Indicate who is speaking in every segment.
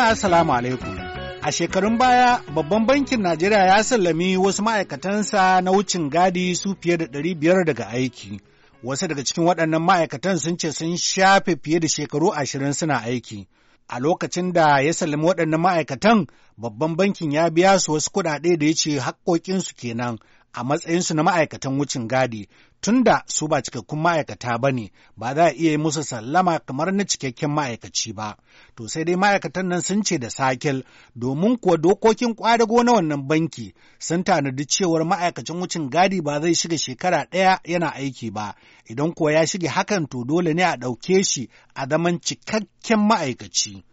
Speaker 1: Jama'a assalamu alaikum. A shekarun baya, babban bankin Najeriya ya sallami wasu ma'aikatansa na wucin gadi su fiye da ɗari biyar daga aiki. Wasu daga cikin waɗannan ma'aikatan sun ce sun shafe fiye da shekaru ashirin suna aiki. A lokacin da ya sallami waɗannan ma'aikatan, babban bankin ya biya su wasu kuɗaɗe da ya ce haƙƙoƙinsu kenan a matsayinsu na ma'aikatan wucin gadi tunda su ba cikakkun ma'aikata ba ne ba za a iya yi musu sallama kamar na cikakken ma'aikaci ba to sai dai ma'aikatan nan sun ce da sakil domin kuwa dokokin kwadago na wannan banki sun tanadi cewar ma'aikacin wucin gadi ba zai shiga shekara ɗaya yana aiki ba idan kuwa ya shige hakan to dole ne a ɗauke shi a zaman cikakken ma'aikaci.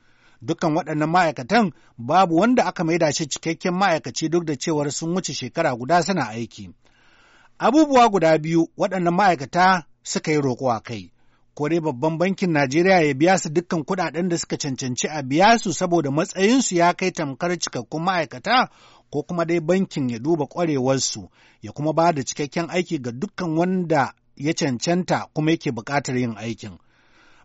Speaker 1: Dukkan waɗannan ma'aikatan babu wanda aka maida shi cikakken ma'aikaci duk da cewar sun wuce shekara guda suna aiki. Abubuwa guda biyu waɗannan ma'aikata suka yi roƙo a kai. Ko dai babban bankin Najeriya ya biya su dukkan kuɗaɗen da suka cancanci a biya su saboda matsayinsu ya kai tamkar cikakkun ma'aikata ko kuma dai bankin ya duba ƙwarewarsu ya kuma ba da cikakken aiki ga dukkan wanda ya cancanta kuma yake buƙatar yin aikin.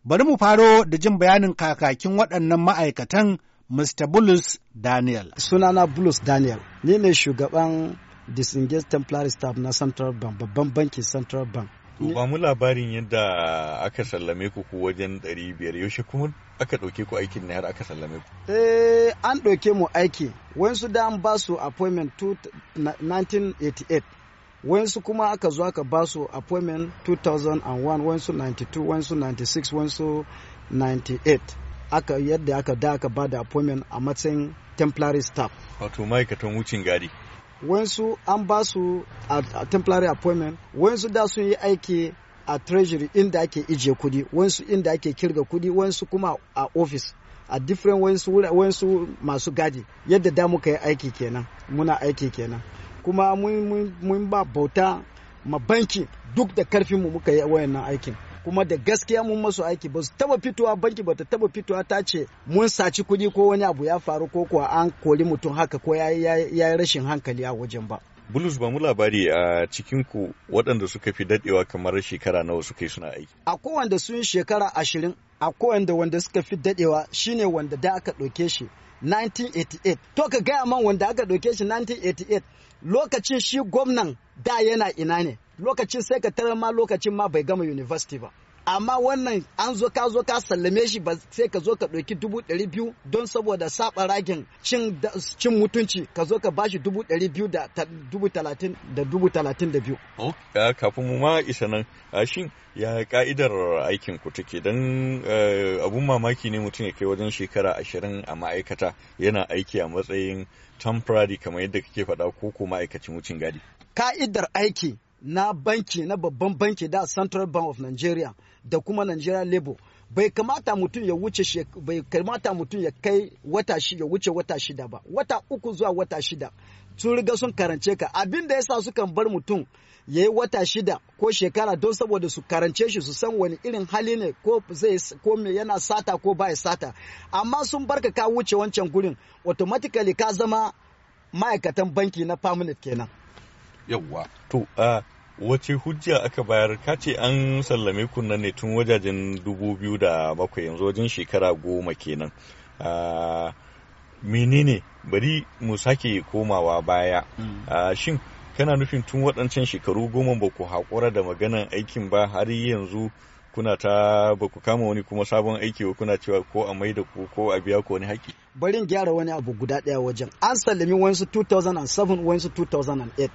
Speaker 1: Bari mu faro da jin bayanin kakakin waɗannan ma'aikatan Mr. Bulus Daniel. Sunana Bulus Daniel, ni ne shugaban
Speaker 2: Disengage Templar Staff na Central Bank, babban bankin Central Bank.
Speaker 3: ba mu labarin yadda aka sallame ku ku wajen 500 yaushe kuma aka ɗauke ku aikin na aka sallame ku?
Speaker 2: Eh, an ɗauke mu aiki, su da an ba su appointment 1988 wayansu kuma aka zo aka ba su appointment 2001 wayansu 92 wayansu 96 wayansu 98 aka yadda aka da aka ba da appointment a matsayin temporary staff
Speaker 3: wato ma'aikatan wucin gadi
Speaker 2: wayansu an ba su a temporary appointment wayansu da sun yi aiki a treasury inda ake ijiye kudi wayansu inda ake kirga kudi wayansu kuma a office a different wayansu masu gadi yadda da muka yi aiki kenan muna aiki kenan kuma mun ba bauta ma banki duk da karfin mu muka yi wayannan aikin kuma da gaskiya mun masu aiki ba su taba fitowa banki ba ta taba fitowa ta ce mun saci kuɗi ko wani abu ya faru ko kuwa an kori mutum haka ko ya yi rashin hankali a wajen ba
Speaker 3: Bulus ba mu labari a cikin ku waɗanda suka fi dadewa kamar shekara nawa suka yi suna aiki.
Speaker 2: A kowanda sun shekara ashirin, a kowanda wanda suka fi dadewa shine wanda da aka ɗauke shi 1988. To ka gaya man wanda aka ɗauke shi 1988 lokacin shi gwamnan da yana ina ne. Lokacin sai ka tarar ma lokacin ma bai gama university ba. amma wannan an zo ka zo ka sallame shi ba sai ka zo ka ɗauki dubu ɗari biyu don saboda saba ragin cin mutunci ka zo ka bashi dubu ɗari biyu da dubu talatin da dubu talatin da biyu.
Speaker 3: kafin mu ma isa nan shin ya ka'idar aikin ku take don abun mamaki ne mutum ya kai wajen shekara ashirin a ma'aikata yana aiki a matsayin temporary kamar yadda kake faɗa ko ko ma'aikacin wucin gadi.
Speaker 2: ka'idar aiki na banki na babban banki da central bank of nigeria da kuma nigeria labour bai kamata mutum ya wuce bai kamata mutum ya kai wata ya wuce wata shida ba wata uku zuwa wata shida sun riga sun karance ka abin da yasa sukan bar mutum ya yi wata shida ko shekara don saboda su karance shi su san wani irin hali ne ko zai ko yana sata ko baya sata amma sun barka ka wuce wancan gurin automatically ka zama ma'aikatan banki na permanent kenan
Speaker 1: yawwa
Speaker 3: to uh, wace hujja aka bayar ka ce an sallame ku nan ne tun wajajen bakwai yanzu wajen shekara goma kenan ah, menene bari mu sake komawa baya mm. ah, shin kana nufin tun waɗancan shekaru goma ba ku haƙura da maganan aikin ba har yanzu kuna ta ba ku kama wani kuma sabon aiki ba kuna cewa ko a maida ku ko a biya ku wani haƙi.
Speaker 2: Barin gyara wani abu guda ɗaya wajen. An sallami wayansu 2007 wayansu 2008.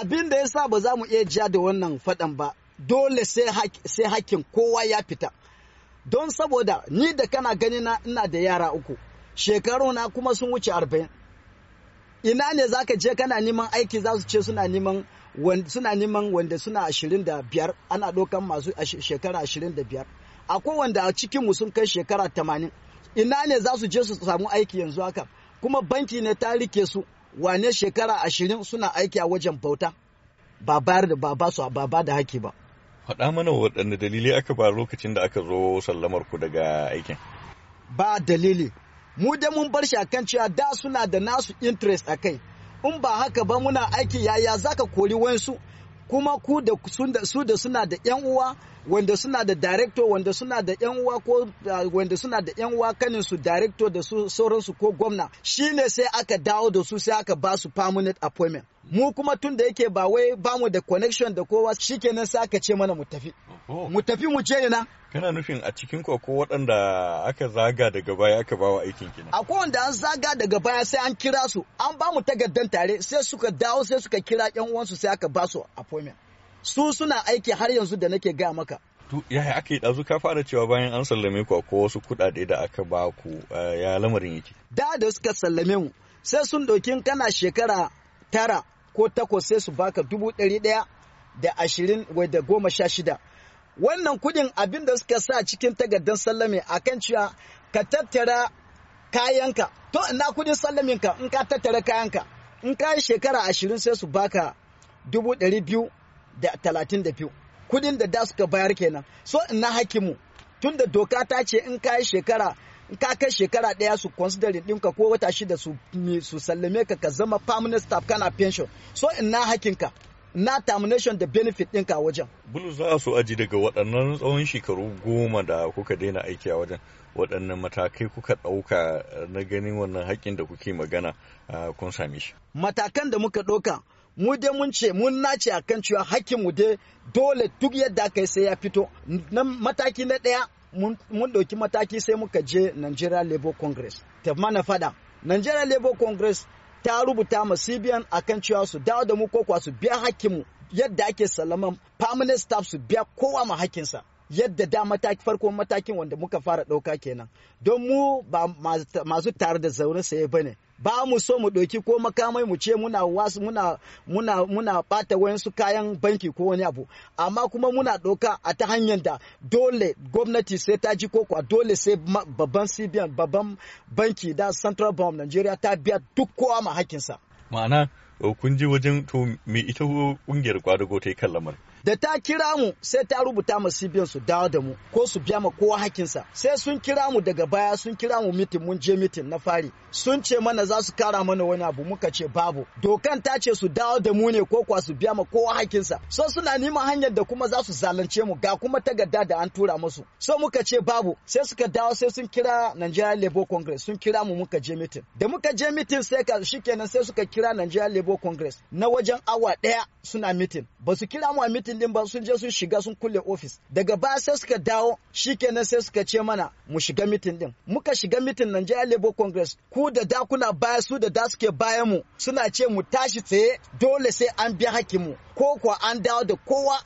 Speaker 2: abin da ya sa ba za mu iya ja da wannan faɗan ba dole sai hakkin kowa ya fita don saboda ni da kana gani na ina da yara uku shekaru na kuma sun wuce arba'in ina ne za ka je kana neman aiki za su ce suna neman suna neman wanda suna ashirin da biyar ana ɗaukan masu shekara ashirin da biyar akwai wanda a cikinmu sun kai shekara tamanin ina ne za su je su samu aiki yanzu haka kuma banki ne ta rike su wane shekara ashirin suna aiki a wajen bauta ba bayar da ba su ba ba da haki ba.
Speaker 3: Faɗa mana waɗanne dalili aka ba lokacin da aka zo sallamar ku daga aikin.
Speaker 2: Ba dalili. Mu da mun bar shi akan cewa da suna da nasu interest a kai. In ba haka ba muna aiki yaya zaka kori wayansu kuma ku da su da suna da yan uwa wanda suna da director wanda suna da yan uwa ko ah, wanda suna da yan uwa kanin su director da su sauransu ko gwamna shine sai aka dawo da su sai aka ba su permanent appointment mu kuma tun da yake ba wai ba mu da connection da kowa shikenan sai aka ce mana mu tafi mu tafi mu je na
Speaker 3: kana nufin a cikin ko waɗanda aka zaga daga baya aka bawa aikin kina
Speaker 2: akwai wanda an zaga daga baya sai an kira su an ba mu takardar tare sai suka dawo sai suka kira yan uwansu sai aka ba su appointment su suna aiki har yanzu da nake gaya maka
Speaker 3: yaya aka yi ɗazu ka fara cewa bayan an sallame ku ko wasu kuɗaɗe da aka ba ku eh, ya lamarin yake
Speaker 2: da da suka sallame mu sai sun ɗauki kana shekara tara ko takwas sai su baka dubu ɗari ɗaya da ashirin wai da goma sha shida wannan kuɗin abin da suka sa cikin takardar sallame kan cewa ka tattara kayanka to ina kuɗin sallaminka in ka tattara kayanka in ka yi shekara ashirin sai su baka dubu ɗari biyu da talatin da biyu kudin da da suka bayar kenan so ina hakimu tun da doka ta ce in ka yi shekara in ka kai shekara daya su din ka ko wata shida su su sallame ka ka zama permanent staff kana pension so ina hakinka na termination da benefit ɗinka wajen.
Speaker 3: Bulu za su aji daga waɗannan tsawon shekaru goma da kuka daina aiki a wajen waɗannan matakai kuka ɗauka eh, na ganin wannan haƙƙin da kuke magana eh, kun same shi.
Speaker 2: Matakan da muka ɗauka mu dai mun ce mun nace akan cewa hakkin mu dai dole duk yadda aka yi sai ya fito. Na mataki na ɗaya mun ɗauki mataki sai muka je Nigeria Labour Congress. Ta na fada, Nigeria Labour Congress ta rubuta ma CBN kan cewa su dawo da mu ko su biya hakkinmu yadda ake salaman permanent staff su biya kowa ma hakkinsa. yadda da mataki farko matakin wanda muka fara ɗauka kenan don mu ba masu tare da zaune saye ba ne ba mu so mu ɗauki ko makamai mu ce muna wasu muna muna muna ɓata wayansu kayan banki ko wani abu amma kuma muna ɗauka a ta hanyar da dole gwamnati sai ta ji kokowa dole sai babban cbn babban banki da central bank of nigeria ta biya duk kowa ma hakinsa
Speaker 3: ma'ana uh, kun ji wajen to me ita kungiyar kwadago ta yi kan lamarin
Speaker 2: da ta kira mu sai ta rubuta mu su dawo da mu ko su biya ma kowa hakinsa sai sun kira mu daga baya sun kira mu mitin mun je mitin na fari sun ce mana za su kara mana wani abu muka ce babu dokan ta ce su dawo da mu ne ko kwa su biya ma kowa hakinsa so suna neman hanyar da kuma za su zalunce mu ga kuma takarda da an tura musu so muka ce babu sai suka dawo sai sun kira Nigeria Labour Congress sun kira mu muka je mitin da muka je mitin sai ka shikenan sai suka kira Nigeria Labour Congress na wajen awa daya suna mitin ba su kira mu a mitin mitin din ba sun je sun shiga sun kulle ofis daga baya sai suka dawo shikenan sai suka ce mana mu shiga mitin din muka shiga mitin Nigeria Labour Congress ku da da kuna baya su da da suke bayan mu suna ce mu tashi tsaye dole sai an biya hakimu ko kuwa an dawo da kowa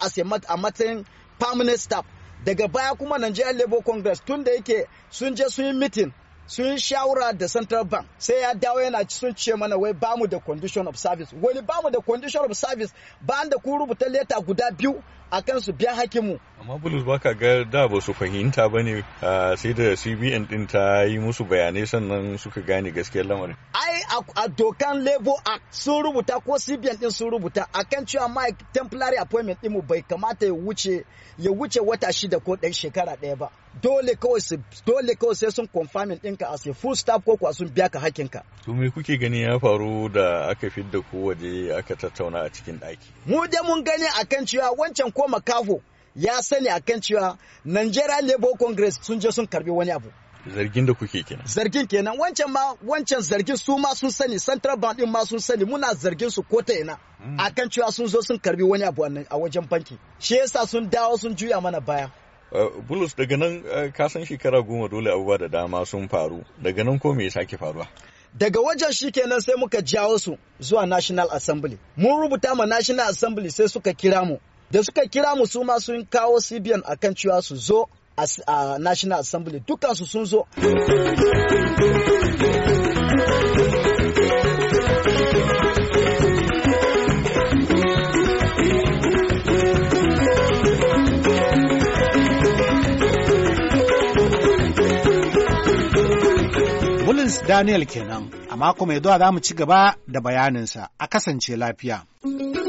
Speaker 2: a matsayin permanent staff daga baya kuma Nigeria Labour Congress tun da yake sun je sun yi mitin sun shawara da central bank sai ya dawo yana sun ce mana wai bamu da condition of service wani bamu da condition of service ba da ku rubuta leta guda biyu akan su biya hakimu
Speaker 3: amma bulus ba ka ga da ba su fahimta ba ne sai da cbn din ta yi musu bayanai sannan suka gane gaskiyar lamarin
Speaker 2: ai a dokan labor act sun rubuta ko cbn din sun rubuta kan cewa mike temporary appointment din mu bai kamata ya wuce ya wuce wata shida ko ɗan shekara ɗaya ba dole kawai sai sun confirming ɗinka a full staff ko kuwa sun biya ka hakinka
Speaker 3: to me kuke gani ya faru da aka fidda ko waje aka tattauna a cikin ɗaki
Speaker 2: mu da mun gani akan cewa wancan ko makafo ya sani a kan cewa Nigeria Labour Congress sun je sun karbi wani abu.
Speaker 3: Zargin da kuke kenan.
Speaker 2: Zargin kenan wancan ma wancan zargin su ma sun sani Central Bank din ma sun sani muna zargin su ko ta ina hmm. A kan cewa sun zo sun karbi wani abu a wajen banki. Shi yasa sun dawo sun juya mana baya.
Speaker 3: Uh, Bulus daga nan uh, ka san shekara goma dole abubuwa da dama sun faru daga nan ko me ya sake faruwa?
Speaker 2: daga wajen shi kenan sai muka jawo su zuwa national assembly mun rubuta ma national assembly sai suka kira mu da suka kira mu su sun kawo cbn a kan cewa su zo a national assembly dukansu sun zo
Speaker 1: Daniel kenan, a mako mai zuwa za mu ci gaba da bayaninsa a kasance lafiya.